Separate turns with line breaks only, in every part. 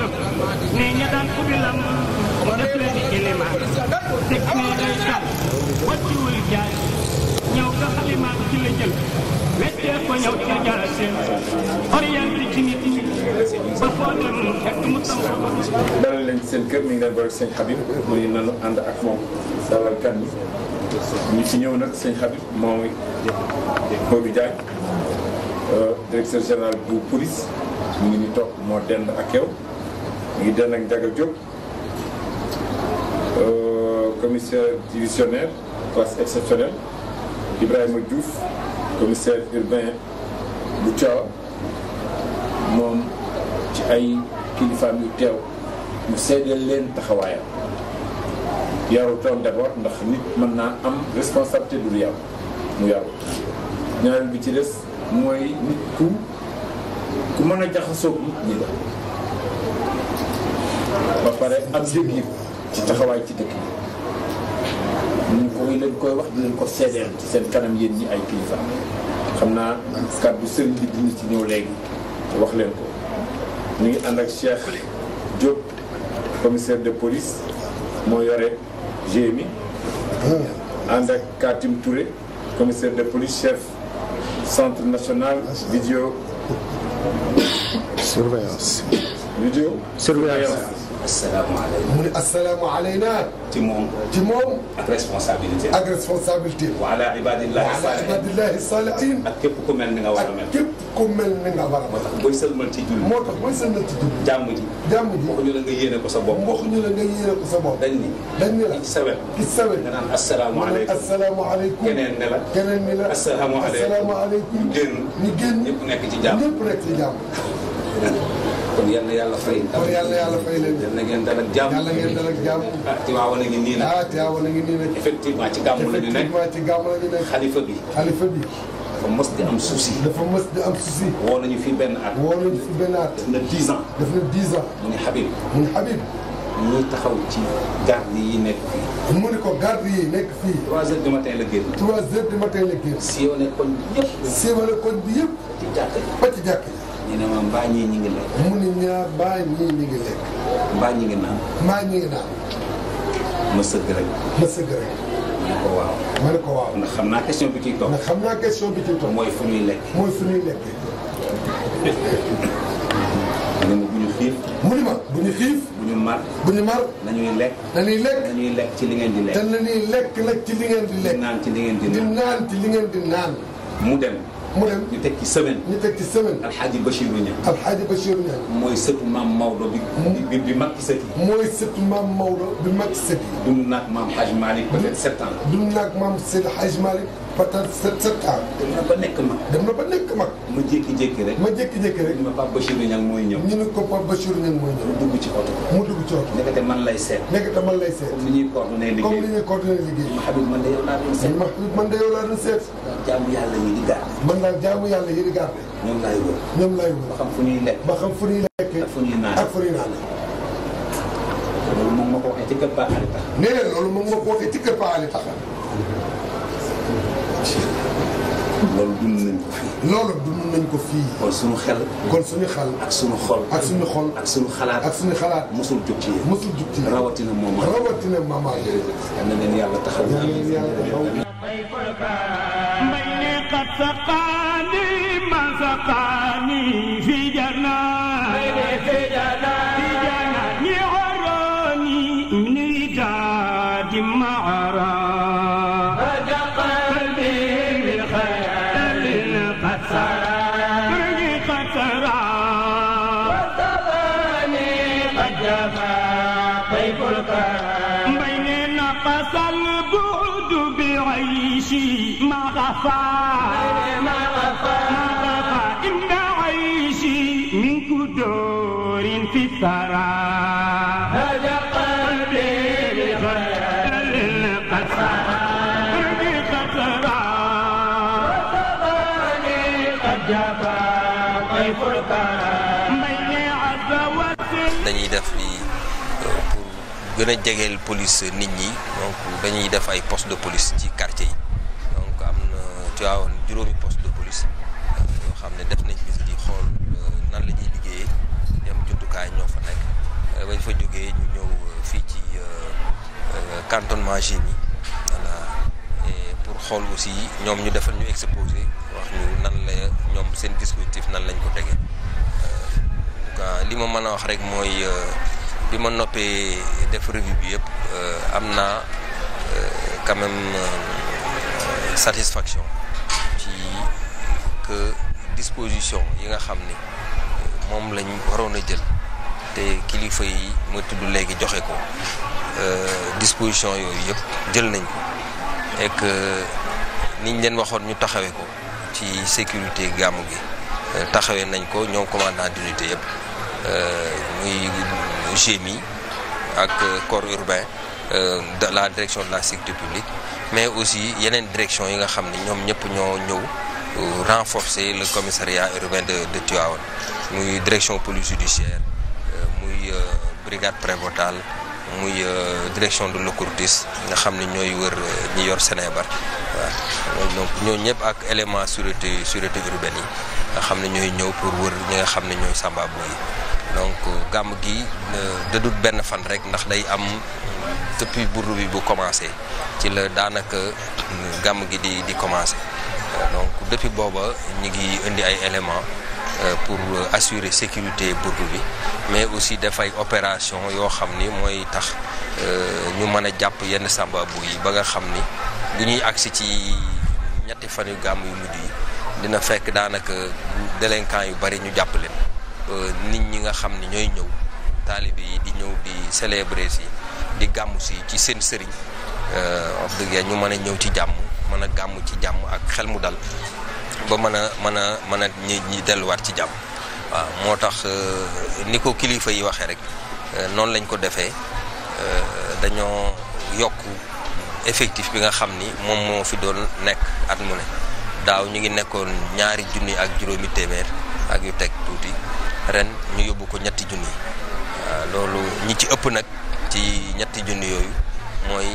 ne ña daan ubbi lamb def leen di élément teg ne day kar wàcciwul jaay ñëw nga xalimaam ci la jël wettee ko ñëw ci jaara seen orienté ci kër mi ngi leen boole ànd ak moom dalal ci ñëw nag sëñ Habib moom Boobu Diagne euh, directeur général bu police mu ngi ñu topp moo dend ak yow ngi den ak Ndiaga Diop euh, commissaire divisionnaire classe exceptionnelle Ibrahima Diouf commissaire urbain bu Thiaw moom ci ay kilifaam yu teew mu seedeel leen taxawaayam yaru toon d'abord ndax nit mën naa am responsabilité du yaw mu yaru ñaareel bi ci des mooy nit ku ku mën a jaxasoo nit pare am yëg-yëg ci taxawaay ci dëkk bi ñu ko leen koy wax di leen ko seedeel ci seen kanam yéen ñi ay kilifa xam naa kàddu sëriñ bi dina ci ñëw léegi wax leen ko ñu ngi ànd ak Cheikh Diop commissaire de police moo yore GMI ànd ak Katim Touré commissaire de police chef centre national vidéo surveillance vidéo surveillance assalaamu alayna mu ne assalaamu alayna ci moom ci moom ak responsabilité ak responsabilité wa ala ibadillahi wa ala ibadillahi salihin ak képp ku mel ni nga war a mel ak képp ku mel ni nga war a mel moo tax booy sëlmal ci julli moo tax booy sëlmal ci julli jàmm ji jàmm ji waxuñu la nga yéene ko sa bopp waxuñu la nga yéene ko sa bopp dañ ni dañ ni la ci sawet ci sawet nga naan assalaamu alaykum assalaamu alaykum keneen ne la keneen ne la assalaamu alaykum assalaamu alaykum génn ñu génn ñëpp nekk ci jàmm ñëpp nekk ci jàmm kon yal na yàlla fay. kon yal na yàlla fay leen. yal na ngeen dal ak jàmm. yàlla ngeen dal ak jàmm. ah Tivaouane a ngi nii nag. ah Tivaouane a ngi nii nag. effectivement ci gàmmu la ñu nekk effectivement ci gàmmu la ñu nekk. xalifa bi xalifa bi. dafa mës di am souci. dafa mës di am souci. woo nañu fi benn at. woo nañu fi benn at. def na dix ans. def na dix ans. mu ni Habib. mu ni Habib. ñuy taxaw ci garde yi nekk fii. mu ni ko garde yi nekk fii. trois heures du matin la génn. trois heures du matin la génn. siiwane koñ bi yëpp. siiwane koñ bi yëpp. ba ci jàkk ba ci jàkk ñu ne ma mbaa ñii ñi ngi lekk. mu ne ñaa mbaa ñii ñi ngi lekk. mbaa ñi ngi naan. mbaa ñi ngi naan. ma sëgg rek. ma sëgg rek. ma ne ko waaw. ma ne ko waaw ndax xam naa question bi ciy toog. ndax xam naa question bi ciy toog. mooy fu ñuy lekk. mooy fu ñuy lekk. mu ne ma bu ñu xiif. mu ne ma bu ñu xiif. bu ñu mar. bu ñu mar. nañuy lekk. nañuy lekk. nañuy lekk ci li ngeen di lekk. te nañuy lekk nag ci li ngeen di lekk. di naan ci li ngeen di naan. di naan ci li ngeen di naan. mu dem. mu dem ñu teg ci semaine. ñu teg ci semaine. Alxaaji Bachiru Ñaŋ. Alxaaji Bachiru Ñaŋ. mooy sëtu maam Maodo bi. bi bi mag ci sët yi. mooy sëtu maam Maodo bi mag ci sët yi. dund naag maam Hadj Malick peut-être sept ans la. dund naag maam Seydi Hadj Malick peut-être sept sept ans. dem na ba nekk mag. dem na ba nekk mag. ma jékki-jékki rek. ma jékki-jékki rek. ñu ne Pape Bachiru Ñaŋ mooy ñëw. ñu ne ko Pape Bachiru Ñaŋ mooy ñëw. mu dugg ci oto. mu dugg ci oto. nekkate man lay seet. nekkate man lay seet. comme ni ñuy coordonné liggéey. comme ni ñuy coordonné liggéey. ma xam ne man de yow laa doon seet. ma xam ne man de yow laa doon seet. jaamu yàlla yi di gaar man daal jaamu yàlla yi di garde ñoom laay wër ñoom laay wër ba xam fu ñuy lekk ba xam fu ñuy lekk ak fu ñuy naan ak fu ñuy naan loolu moom ma ko waxee ci kër Pa Ali tax nee na loolu moom ma ko waxee ci kër Pa Ali tax loolu dund nañ ko fii. loolu dund nañ ko fii. kon suñu xel. kon suñu xel. ak suñu xol. ak suñu xol. ak suñu xalaat. ak suñu xalaat. mosul jug ci yéen. mosul jug ci yéen rawatina Momar. rawatina Momar. yal na leen yàlla taxaw. yal na leen yàlla taxaw. قد سقاني ما سقاني من كدور في الثرى هذا قلبي بخير القصر بقطرى وصباني قد جفا طيف الثرى
dañuy def li euh, pour gën a jegeel police nit ñi donc dañuy def ay poste de police ci quartier yi donc am na Tivaouane juróomi poste de police euh, yoo xam ne def nañ fa jógee ñu ñëw euh, fii ci euh, euh, cantonnement jeunes yi voilà et pour xool aussi ñoom ñu defal ñu exposé wax ñu nan la ñoom seen dispositif nan lañ ko tegee en tout li ma mën a wax rek mooy bi ma noppee def revue bi yëpp am na quand satisfaction ci que disposition yi nga xam ni moom lañ waroon a jël. te kilifa yi ma tudd léegi joxe ko euh, disposition yooyu yëpp jël nañ ko euh, niñ leen waxoon ñu taxawee ko ci sécurité gàmmu gi euh, taxawee nañ ko ñoom commandant d'unité yëpp muy GMI ak corps urbain de la direction de la sécurité publique mais aussi yeneen direction yi nga xam ne ñoom ñëpp ñoo ñëw renforcer le commissariat urbain de de Tivaouane muy direction police judiciaire muy euh, brigade prévôtale muy euh, direction de l'occultisme nga xam ne ñooy wër euh, ñi yor Sénébar waaw donc ñoo ñëpp ak élément sûreté sûreté urbaine yi nga xam ne ñooy ñëw pour wër ñi nga xam ne ñooy Samba yi donc gàmm gi dëdut benn fan rek ndax day am depuis burdu bi bu commencé ci la daanaka gàmm gi di di commencé donc depuis booba ñi ngi indi ay éléments Euh, pour euh, assurer sécurité burdu bi mais aussi dafay opération yoo xam ni mooy tax euh, ñu mën a jàpp yenn samba bu yi ba nga xam ni bu ñuy agsi ci ñetti fan yu gàmm yu mujj yi dina fekk daanaka délinquant yu bari ñu jàpp leen nit ñi nga xam ni ñooy ñëw taalibe yi di ñëw di célébrer yi di gàmm si ci seen sëriñ wax dëgg ñu mën a ñëw ci jàmm mën a gàmm ci jàmm ak xel mu dal ba mën a mën a mën a ñi ñi delluwaat ci jàmm waaw moo tax euh, ni ko kilifa yi waxee rek euh, noonu lañ ko defee euh, dañoo yokk effectif bi nga xam ni moom moo fi doon nekk at mu ne daaw ñu ngi nekkoon ñaari junni ak juróomi téeméer ak yu teg tuuti ren ñu yóbbu ko ñetti junni loolu ñi ci ëpp nag ci ñetti junni yooyu mooy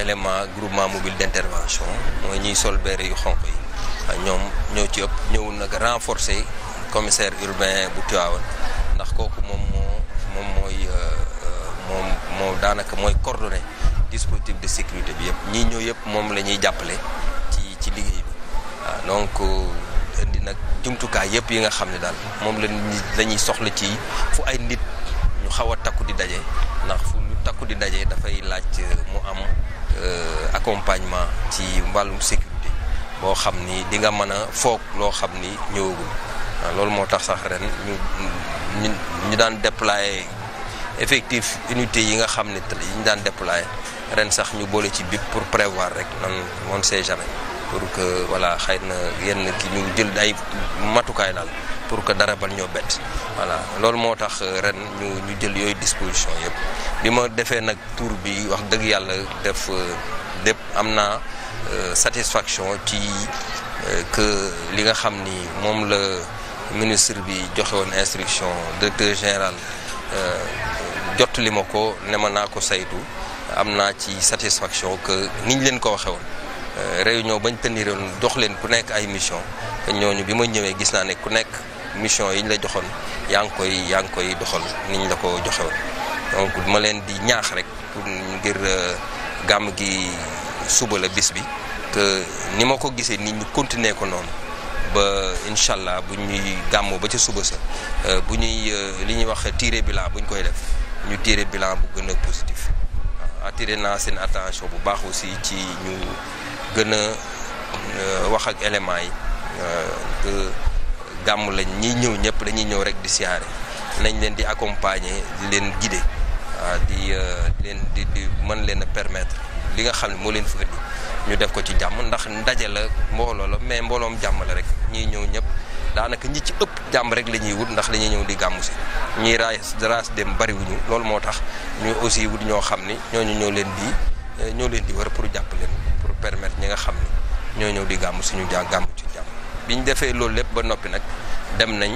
élément groupement mobile d'intervention mooy ñiy sol béere yu xonq yi Ah, ñoom ñoo ci ëpp ñëwul nag renforcer commissaire urbain bu Tivaouane ndax kooku moom moo moom mooy euh, euh, moom moo daanaka mooy coordonné dispositif de sécurité bi yëpp ñii ñëw yëpp moom la ñuy jàppale ci ci liggéey bi ah, donc euh, indi nag jumtukaay yëpp yi nga xam ne daal moom la lañuy soxla ci fu ay nit ñu xaw a takku di daje ndax fu ñu takku di daje dafay laaj mu am accompagnement ci wàllum sécurité boo xam ni di mën a foog loo xam ni ñëwagul ah, loolu moo tax sax ren ñu ñu daan déployer effectif unité yi nga xam ne yi ñu daan déployer ren sax ñu boole ci bip pour prévoir rek nan on sait jamais pour que voilà xëy na yenn ki ñu jël ay matukaay daal pour que dara bal ñoo bett voilà loolu moo tax euh, ren ñu ñu jël yooyu disposition yëpp bi ma defee nag tour bi wax dëgg yàlla def. Euh, lépp am naa euh, satisfaction ci euh, que li nga xam ni moom la ministre bi joxe woon instruction directeur général euh, jot li ma ko ne ma naa ko saytu am naa ci satisfaction que niñ leen ko waxee woon réunion bañ tëndiroon jox leen ku nekk ay mission te ñooñu bi ma ñëwee gis naa ne ku nekk mission yi ñu la joxoon yaa ngi koy yaa ngi koy doxal ñu la ko joxe donc ma leen di ñaax rek ngir gàmm gi suba la bis bi que ni ma ko gisee ni ñu continuer ko noonu ba incha allah bu ñuy gàmmoo ba ca suba sa euh, bu ñuy euh, li ñuy wax tiire bilan bu ñu koy def ñu tiré bilan bu gën a positif attiré naa seen attention bu baax aussi ci ñu gën a euh, wax ak élément yi que gàmm lañ ñiy ñëw ñëpp dañuy ñëw rek di siyaare nañ leen di accompagner di leen guider di leen di di mën leen a permettre li nga xam ne moo leen fa indi ñu def ko ci jàmm ndax ndaje la mbooloo la mais mbooloom jàmm la rek ñii ñëw ñëpp daanaka ñi ci ëpp jàmm rek la ñuy wut ndax dañuy ñëw di gàmmu si ñiy raas raas dem bariwuñu loolu moo tax ñu aussi wut ñoo xam ni ñooñu ñoo leen di eh, ñoo leen di war pour jàpp leen pour permettre ñi xam ni ñoo ñëw di gàmm suñu ja ci jàmm bi ñu defee loolu lépp ba noppi nag dem nañ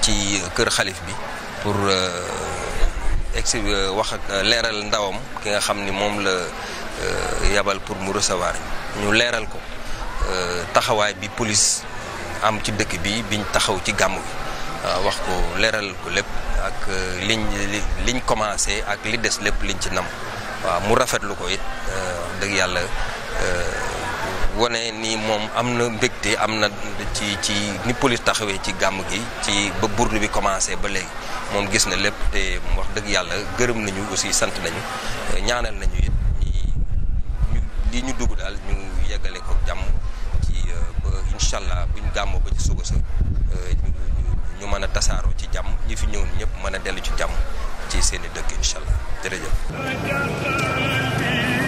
ci eh, kër xalif bi pour euh, ex euh, wax ak euh, leeral ndawam ki nga xam ni moom la euh, yabal pour mu recevoir ñu leeral ko taxawaay bi polis am ci dëkk bi biñ taxaw ci gàmm bi wax ko leeral ko lépp ak liñ liñ commencé ak li des lépp liñ ci nam waaw mu rafetlu ko it dëgg yàlla wane ni moom am na mbégte am na ci ci ni police taxawee ci gàmm gi ci ba burdu bi commencé ba léegi moom gis na lépp te wax dëgg yàlla gërëm nañu aussi sant nañu ñaanal nañu it ñu li ñu dugg daal ñu yeggale ko jàmm ci euh, ba incha allah buñ gàmm ba ci suba sa euh, ñu mën a tasaaroo ci jàmm ñi fi ñëwoon ñëpp mën a dellu ci jàmm ci seen i dëkk incha allah jërëjëf.